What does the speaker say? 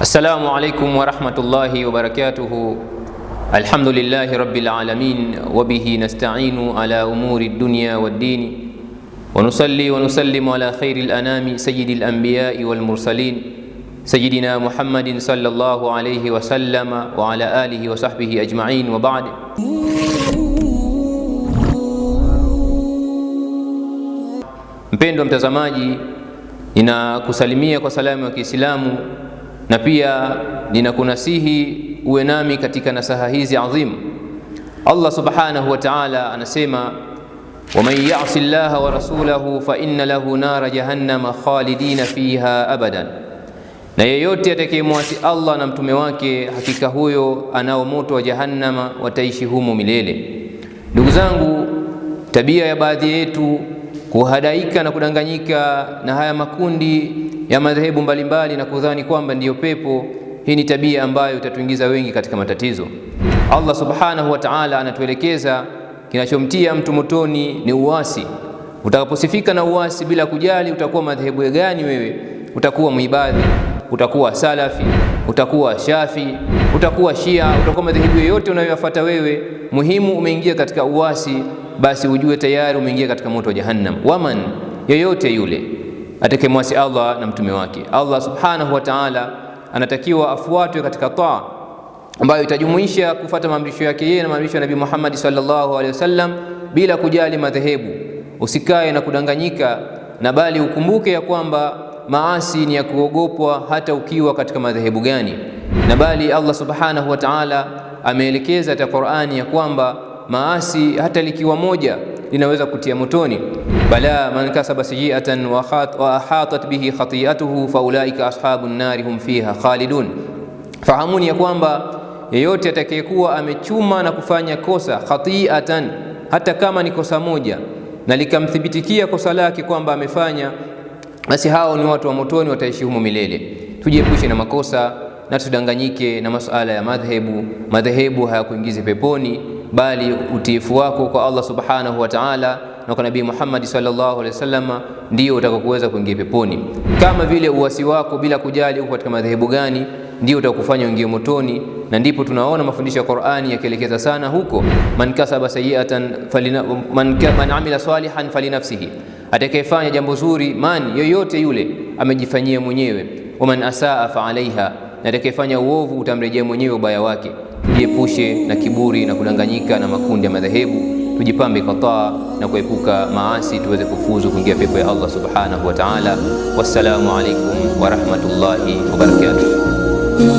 Assalamu alaikum warahmatullahi wabarakatuhu. Alhamdulillahi rabbil alamin wa bihi nasta'inu ala umuri dunya waddini wa nusalli wa nusallimu ala khairil anami sayyidil anbiya'i wal mursalin sayyidina Muhammadin sallallahu alayhi wa sallama wa ala alihi wa sahbihi ajma'in wa ba'd. Mpendwa mtazamaji, ninakusalimia kwa salamu ya Kiislamu na pia ninakunasihi uwe nami katika nasaha hizi adhimu. Allah subhanahu wa ta'ala anasema, waman yasi llaha wa rasulahu fa inna lahu nara jahannama khalidina fiha abadan, na yeyote atakayemwasi Allah na mtume wake, hakika huyo anao moto wa jahannama, wataishi humo milele. Ndugu zangu, tabia ya baadhi yetu kuhadaika na kudanganyika na haya makundi ya madhehebu mbalimbali na kudhani kwamba ndiyo pepo. Hii ni tabia ambayo itatuingiza wengi katika matatizo. Allah subhanahu wa ta'ala anatuelekeza kinachomtia mtu motoni ni uasi. Utakaposifika na uasi, bila kujali utakuwa madhehebu gani wewe, utakuwa mwibadhi, utakuwa salafi, utakuwa shafi, utakuwa shia, utakuwa madhehebu yote unayoyafuata wewe, muhimu umeingia katika uasi, basi ujue tayari umeingia katika moto wa Jahannam. Waman, yoyote yule atakemwasi Allah na mtume wake. Allah subhanahu wa ta'ala anatakiwa afuatwe katika taa ambayo itajumuisha kufata maamrisho yake yeye na maamrisho ya Nabii Muhammad sallallahu alaihi wasallam bila kujali madhehebu. Usikae na kudanganyika, na bali ukumbuke ya kwamba maasi ni ya kuogopwa hata ukiwa katika madhehebu gani, na bali Allah subhanahu wa ta'ala ameelekeza katika Qur'ani ya kwamba maasi hata likiwa moja linaweza kutia motoni bala man kasaba sayiatan wa ahatat bihi khati'atuhu faulaika ashabu nari hum fiha khalidun, fahamuni ya kwamba yeyote atakayekuwa amechuma na kufanya kosa khati'atan, hata kama ni kosa moja na likamthibitikia kosa lake kwamba amefanya, basi hao ni watu wa motoni, wataishi humo milele. Tujiepushe na makosa na tudanganyike na masuala ya madhehebu. Madhehebu hayakuingizi peponi, bali utiifu wako kwa Allah subhanahu wa ta'ala na kwa Nabii Muhammad sallallahu alaihi wasallam ndio utakokuweza kuingia peponi. Kama vile uasi wako bila kujali uko katika madhehebu gani ndio utakufanya uingie motoni, na ndipo tunaona mafundisho ya Qur'ani yakielekeza sana huko, man kasaba sayiatan falina, man, man amila salihan falinafsihi, atakayefanya jambo zuri, man yoyote yule amejifanyia mwenyewe, waman asaa fa alaiha, na atakayefanya uovu utamrejea mwenyewe ubaya wake. Jiepushe na kiburi na kudanganyika na makundi ya madhehebu tujipambe kwa taa na kuepuka maasi, tuweze kufuzu kuingia pepo ya Allah subhanahu wa ta'ala. Wassalamu alaikum wa rahmatullahi wa barakatuh.